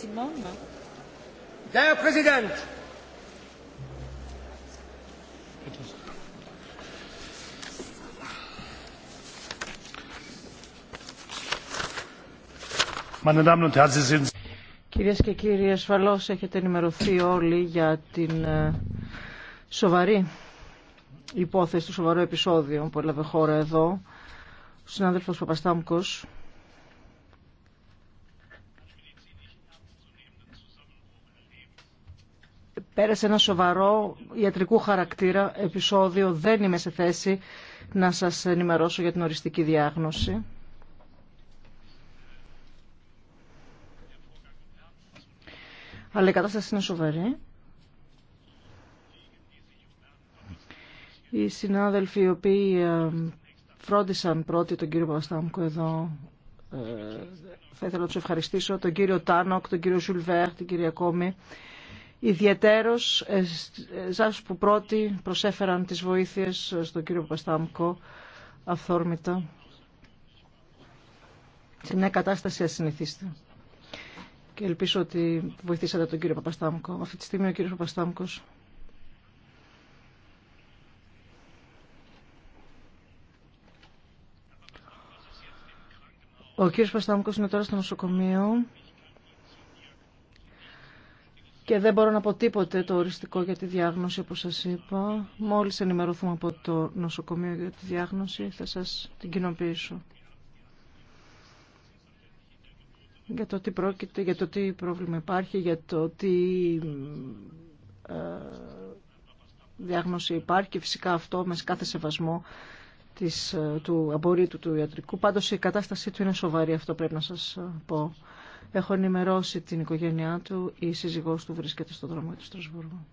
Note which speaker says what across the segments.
Speaker 1: Κυρίες Κυρίε και κύριοι, ασφαλώ έχετε ενημερωθεί όλοι για την ε, σοβαρή υπόθεση του σοβαρού επεισόδιο που έλαβε χώρα εδώ. Ο συνάδελφο Παπαστάμκος πέρασε ένα σοβαρό ιατρικού χαρακτήρα επεισόδιο. Δεν είμαι σε θέση να σας ενημερώσω για την οριστική διάγνωση. Αλλά η κατάσταση είναι σοβαρή. Οι συνάδελφοι οι οποίοι ε, φρόντισαν πρώτοι τον κύριο Παπαστάμκο εδώ ε, θα ήθελα να τους ευχαριστήσω, τον κύριο Τάνοκ, τον κύριο Ζουλβέρ, την κυρία Κόμη ιδιαιτέρως εσάς που πρώτοι προσέφεραν τις βοήθειες στον κύριο Παπαστάμκο αυθόρμητα σε μια κατάσταση ασυνηθίστε. Και ελπίζω ότι βοηθήσατε τον κύριο Παπαστάμκο. Αυτή τη στιγμή ο κύριος Παπαστάμκος Ο κύριος Παπαστάμκος είναι τώρα στο νοσοκομείο και δεν μπορώ να πω τίποτε το οριστικό για τη διάγνωση όπως σας είπα. Μόλις ενημερωθούμε από το νοσοκομείο για τη διάγνωση θα σας την κοινοποιήσω. Για το τι πρόκειται, για το τι πρόβλημα υπάρχει, για το τι ε, διάγνωση υπάρχει και φυσικά αυτό με κάθε σεβασμό της, ε, του απορρίτου του ιατρικού. Πάντως η κατάστασή του είναι σοβαρή, αυτό πρέπει να σας ε, πω. Έχω ενημερώσει την οικογένειά του, η σύζυγός του βρίσκεται στον δρόμο του Στρασβούργου.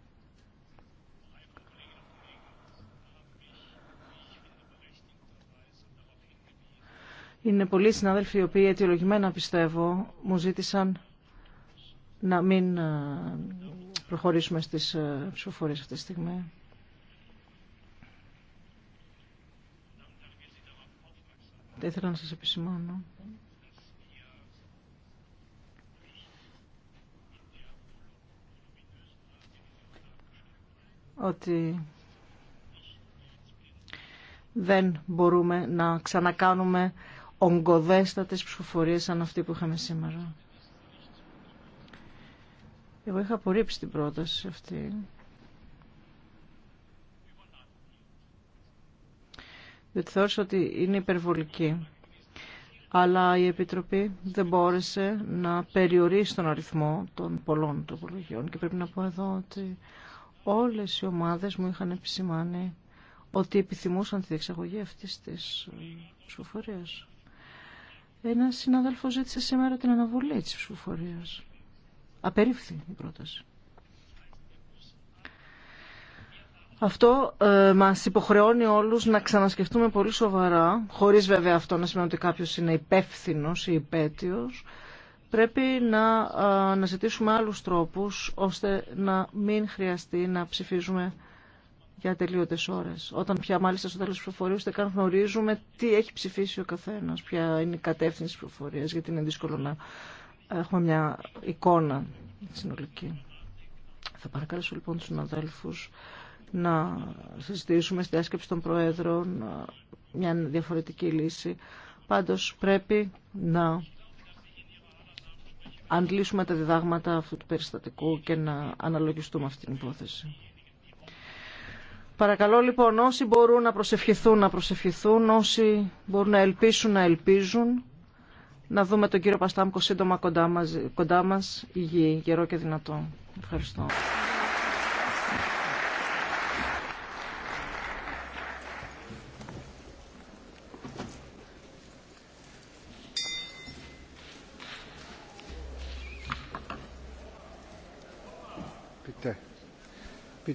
Speaker 1: Είναι πολλοί συνάδελφοι οι οποίοι αιτιολογημένα πιστεύω μου ζήτησαν να μην ε, προχωρήσουμε στις ε, ψηφοφορίες αυτή τη στιγμή. Δεν ήθελα να σας επισημάνω. ότι δεν μπορούμε να ξανακάνουμε ογκοδέστατες ψηφοφορίες σαν αυτή που είχαμε σήμερα. Εγώ είχα απορρίψει την πρόταση αυτή. Διότι θεώρησα ότι είναι υπερβολική. Αλλά η Επιτροπή δεν μπόρεσε να περιορίσει τον αριθμό των πολλών τροπολογιών. Και πρέπει να πω εδώ ότι όλες οι ομάδες μου είχαν επισημάνει ότι επιθυμούσαν τη διεξαγωγή αυτής της ε, ψηφοφορίας. Ένας συναδέλφος ζήτησε σήμερα την αναβολή της ψηφοφορίας. Απερίφθη η πρόταση. Αυτό ε, μας υποχρεώνει όλους να ξανασκεφτούμε πολύ σοβαρά, χωρίς βέβαια αυτό να σημαίνει ότι κάποιος είναι υπεύθυνο ή υπέτειος, πρέπει να αναζητήσουμε άλλους τρόπους ώστε να μην χρειαστεί να ψηφίζουμε για τελείωτες ώρες. Όταν πια μάλιστα στο τέλος της ούτε καν γνωρίζουμε τι έχει ψηφίσει ο καθένας, ποια είναι η κατεύθυνση της πληροφορίας, γιατί είναι δύσκολο να έχουμε μια εικόνα συνολική. Θα παρακαλέσω λοιπόν τους συναδέλφους να συζητήσουμε στη διάσκεψη των Προέδρων μια διαφορετική λύση. Πάντως πρέπει να αντλήσουμε τα διδάγματα αυτού του περιστατικού και να αναλογιστούμε αυτή την υπόθεση. Παρακαλώ λοιπόν όσοι μπορούν να προσευχηθούν να προσευχηθούν, όσοι μπορούν να ελπίσουν να ελπίζουν, να δούμε τον κύριο Παστάμκο σύντομα κοντά μας, κοντά μας υγιή, γερό και δυνατό. Ευχαριστώ.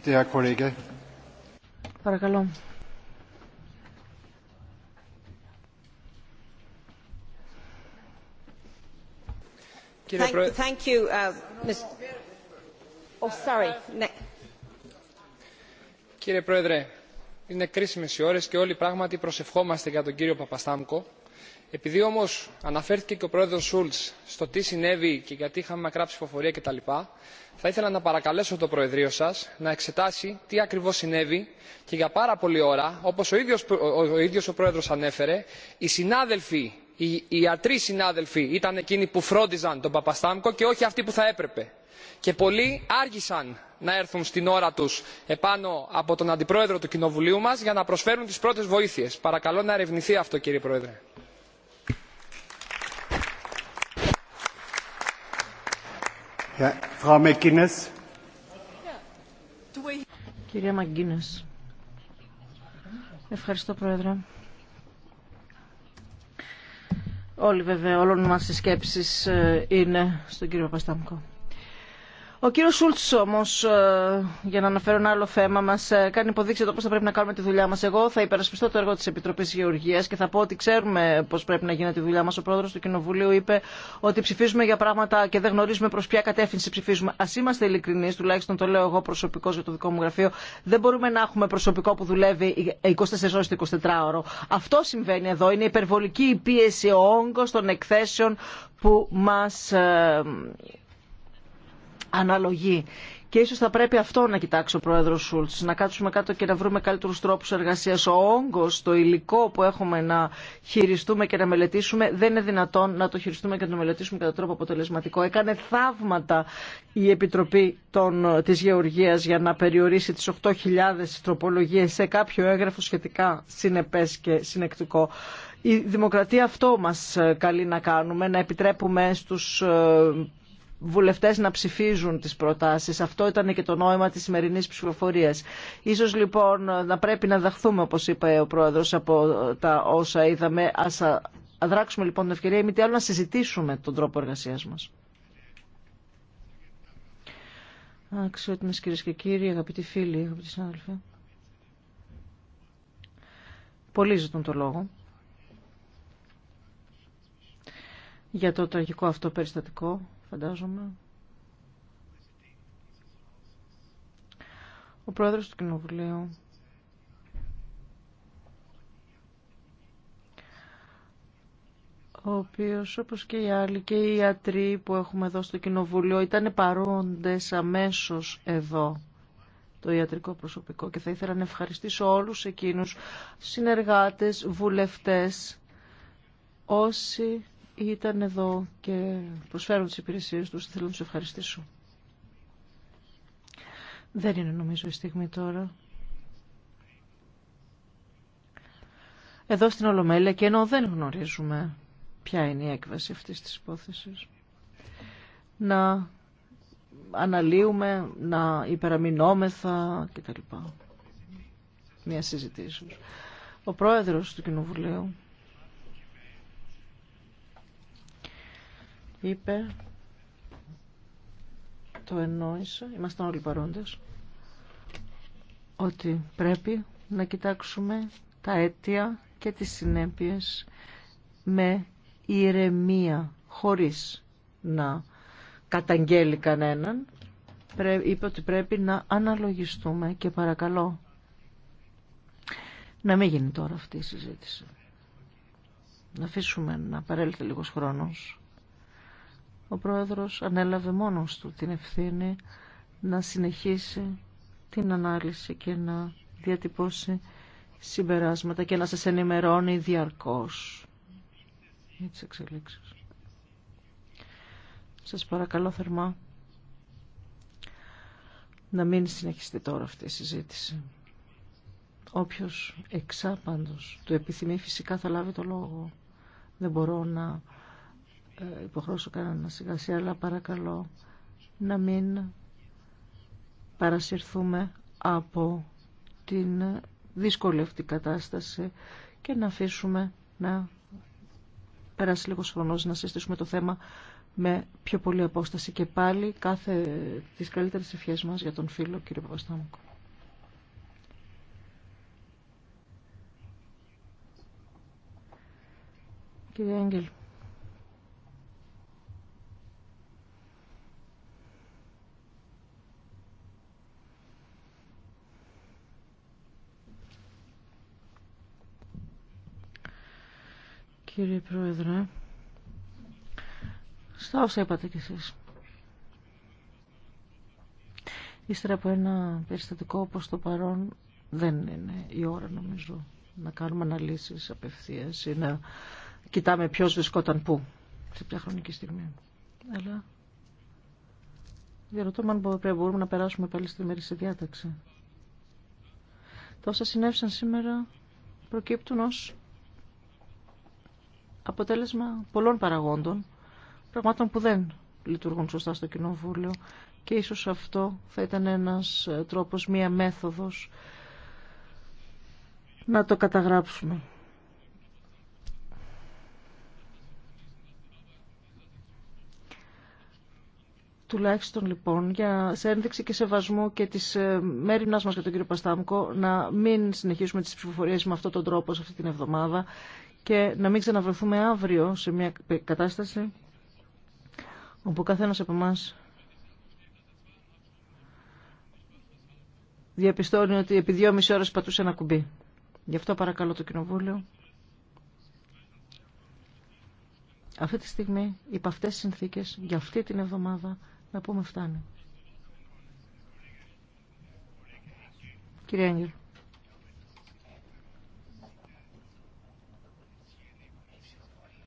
Speaker 1: Κύριε Πρόεδρε, είναι κρίσιμες οι ώρες και όλοι πράγματι προσευχόμαστε για τον κύριο Παπαστάμκο επειδή όμω αναφέρθηκε και ο πρόεδρο Σούλτ στο τι συνέβη και γιατί είχαμε μακρά ψηφοφορία κτλ., θα ήθελα να παρακαλέσω το Προεδρείο σα να εξετάσει τι ακριβώ συνέβη και για πάρα πολλή ώρα, όπω ο ίδιο ο πρόεδρο ανέφερε, οι συνάδελφοι, οι ιατροί συνάδελφοι ήταν εκείνοι που φρόντιζαν τον Παπαστάμκο και όχι αυτοί που θα έπρεπε. Και πολλοί άργησαν να έρθουν στην ώρα του επάνω από τον Αντιπρόεδρο του Κοινοβουλίου μα για να προσφέρουν τι πρώτε βοήθειε. Παρακαλώ να ερευνηθεί αυτό, κύριε Πρόεδρε. Κυρία Μαγκίνες. Ευχαριστώ, Πρόεδρε. Όλοι βέβαια, όλων μας οι σκέψεις ε, είναι στον κύριο Παπαστάμκο. Ο κύριο Σούλτ όμω, ε, για να αναφέρω ένα άλλο θέμα, μα ε, κάνει υποδείξει το πώ θα πρέπει να κάνουμε τη δουλειά μα. Εγώ θα υπερασπιστώ το έργο τη Επιτροπή Γεωργία και θα πω ότι ξέρουμε πώ πρέπει να γίνεται η δουλειά μα. Ο πρόεδρο του Κοινοβουλίου είπε ότι ψηφίζουμε για πράγματα και δεν γνωρίζουμε προ ποια κατεύθυνση ψηφίζουμε. Α είμαστε ειλικρινεί, τουλάχιστον το λέω εγώ προσωπικώ για το δικό μου γραφείο. Δεν μπορούμε να έχουμε προσωπικό που δουλεύει 24 ε, ώρε το 24ωρο. Αυτό συμβαίνει εδώ. Είναι υπερβολική η πίεση, ο όγκο των εκθέσεων που μας αναλογή. Και ίσω θα πρέπει αυτό να κοιτάξει ο πρόεδρο Σούλτ. να κάτσουμε κάτω και να βρούμε καλύτερου τρόπου εργασία. Ο όγκο, το υλικό που έχουμε να χειριστούμε και να μελετήσουμε, δεν είναι δυνατόν να το χειριστούμε και να το μελετήσουμε κατά τρόπο αποτελεσματικό. Έκανε θαύματα η Επιτροπή τη γεωργία για να περιορίσει τι 8.000 τροπολογίε σε κάποιο έγγραφο σχετικά συνεπές και συνεκτικό. Η δημοκρατία αυτό μας καλεί να κάνουμε, να επιτρέπουμε στους ε, βουλευτές να ψηφίζουν τις προτάσεις. Αυτό ήταν και το νόημα της σημερινής ψηφοφορίας. Ίσως λοιπόν να πρέπει να δαχθούμε, όπως είπε ο Πρόεδρος, από τα όσα είδαμε. Ας αδράξουμε λοιπόν την ευκαιρία ή μη τι άλλο να συζητήσουμε τον τρόπο εργασίας μας. Αξιότιμες κυρίες και κύριοι, αγαπητοί φίλοι, αγαπητοί συνάδελφοι. Πολλοί ζητούν το λόγο. Για το τραγικό αυτό περιστατικό φαντάζομαι. Ο πρόεδρος του Κοινοβουλίου ο οποίος όπως και οι άλλοι και οι ιατροί που έχουμε εδώ στο Κοινοβούλιο ήταν παρόντες αμέσως εδώ το ιατρικό προσωπικό και θα ήθελα να ευχαριστήσω όλους εκείνους συνεργάτες, βουλευτές όσοι ήταν εδώ και προσφέρουν τις υπηρεσίες τους. Θέλω να τους ευχαριστήσω. Δεν είναι νομίζω η στιγμή τώρα. Εδώ στην Ολομέλεια και ενώ δεν γνωρίζουμε ποια είναι η έκβαση αυτής της υπόθεσης. Να αναλύουμε, να υπεραμεινόμεθα κτλ. Μια συζητήσεως. Ο πρόεδρος του Κοινοβουλίου είπε, το εννοήσε, ήμασταν όλοι παρόντες, ότι πρέπει να κοιτάξουμε τα αίτια και τις συνέπειες με ηρεμία, χωρίς να καταγγέλει κανέναν. Είπε ότι πρέπει να αναλογιστούμε και παρακαλώ να μην γίνει τώρα αυτή η συζήτηση. Να αφήσουμε να παρέλθει λίγος χρόνος ο Πρόεδρος ανέλαβε μόνος του την ευθύνη να συνεχίσει την ανάλυση και να διατυπώσει συμπεράσματα και να σας ενημερώνει διαρκώς για τις εξελίξεις. Σας παρακαλώ θερμά να μην συνεχιστεί τώρα αυτή η συζήτηση. Όποιος εξάπαντος του επιθυμεί φυσικά θα λάβει το λόγο. Δεν μπορώ να ε, υποχρώσω κανένα σιγά σιγά, αλλά παρακαλώ να μην παρασυρθούμε από την δύσκολη αυτή κατάσταση και να αφήσουμε να περάσει λίγο χρόνο να συστήσουμε το θέμα με πιο πολύ απόσταση και πάλι κάθε τις καλύτερες ευχές μας για τον φίλο κύριο Παπαστάμουκο. Κύριε Αγγέλο. Κύριε Πρόεδρε, στα όσα είπατε κι εσείς. Ύστερα από ένα περιστατικό όπως το παρόν δεν είναι η ώρα νομίζω να κάνουμε αναλύσεις απευθείας ή να κοιτάμε ποιος βρισκόταν πού, σε ποια χρονική στιγμή. Αλλά διαρωτώ αν μπορούμε να περάσουμε πάλι στη μέρη σε διάταξη. Τόσα όσα συνέβησαν σήμερα προκύπτουν ως αποτέλεσμα πολλών παραγόντων, πραγμάτων που δεν λειτουργούν σωστά στο Κοινοβούλιο και ίσως αυτό θα ήταν ένας ε, τρόπος, μία μέθοδος να το καταγράψουμε. τουλάχιστον λοιπόν για σε ένδειξη και σεβασμό και της ε, μέρημνάς μας για τον κύριο Παστάμκο να μην συνεχίσουμε τις ψηφοφορίες με αυτόν τον τρόπο σε αυτή την εβδομάδα και να μην ξαναβρεθούμε αύριο σε μια κατάσταση όπου καθένας από εμά διαπιστώνει ότι επί δυόμιση ώρες πατούσε ένα κουμπί. Γι' αυτό παρακαλώ το Κοινοβούλιο. Αυτή τη στιγμή, υπ' αυτές τις συνθήκες, για αυτή την εβδομάδα, να πούμε φτάνει. Κύριε